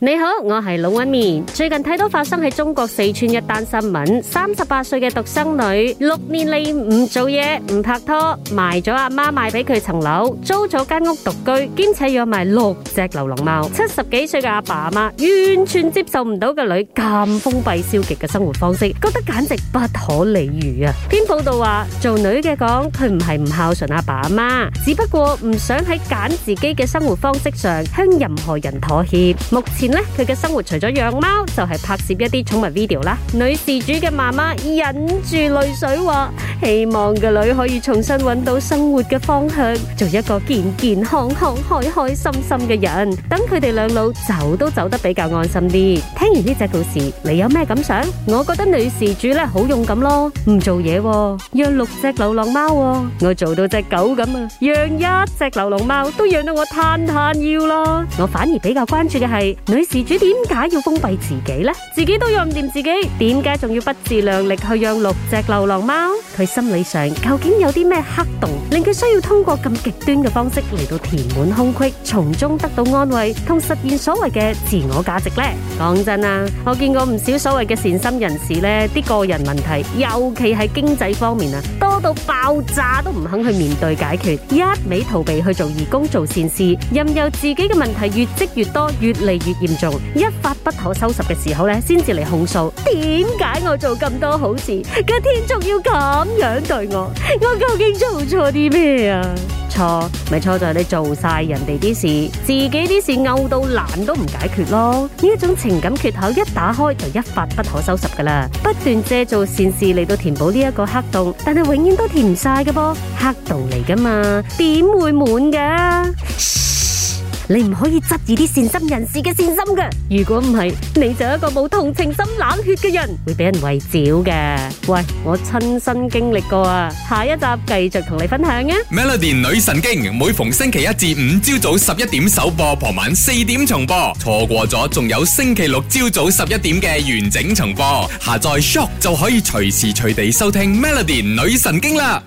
你好，我係龍紋敏。最近睇到發生喺中國四川一單新聞，三十八歲嘅獨生女六年嚟唔做嘢，唔拍拖，賣咗阿媽賣俾佢層樓，租咗間屋獨居，兼且養埋六隻流浪貓。七十幾歲嘅阿爸阿媽完全接受唔到個女咁封閉消極嘅生活方式，覺得簡直不可理喻啊。篇報道話，做女嘅講，佢唔係唔孝順阿爸阿媽，只不過唔想喺揀自己嘅生活方式上向任何人妥協。目前咧佢嘅生活除咗養貓，就係、是、拍攝一啲寵物 video 啦。女事主嘅媽媽忍住淚水話。希望個女可以重新揾到生活嘅方向，做一個健健康康、開開心心嘅人。等佢哋兩老走都走得比較安心啲。聽完呢隻故事，你有咩感想？我覺得女事主咧好勇敢咯，唔做嘢喎，養六隻流浪貓喎。我做到隻狗咁啊，養一隻流浪貓都養到我攤攤腰啦。我反而比較關注嘅係女事主點解要封閉自己呢？自己都養唔掂自己，點解仲要不自量力去養六隻流浪貓？心理上究竟有啲咩黑洞，令佢需要通過咁極端嘅方式嚟到填滿空隙，從中得到安慰同實現所謂嘅自我價值呢？講真啊，我見過唔少所謂嘅善心人士呢，啲個人問題，尤其係經濟方面啊，多到爆炸都唔肯去面對解決，一味逃避去做義工做善事，任由自己嘅問題越積越多，越嚟越嚴重，一發不可收拾嘅時候呢，先至嚟控訴。點解我做咁多好事，個天仲要咁？樣對我，我究竟做錯啲咩啊？錯，咪錯在你做晒人哋啲事，自己啲事慪到爛都唔解決咯。呢一種情感缺口一打開就一發不可收拾噶啦，不斷借做善事嚟到填補呢一個黑洞，但係永遠都填唔晒噶噃，黑洞嚟噶嘛，點會滿噶？你唔可以執住啲善心人士嘅善心㗎，如果唔係，你就一個冇同情心冷血嘅人，會俾人圍剿㗎。喂，我親身經歷過啊，下一集繼續同你分享啊。Melody 女神經每逢星期一至五朝早十一點首播，傍晚四點重播，錯過咗仲有星期六朝早十一點嘅完整重播。下載 Shop 就可以隨時隨地收聽 Melody 女神經啦。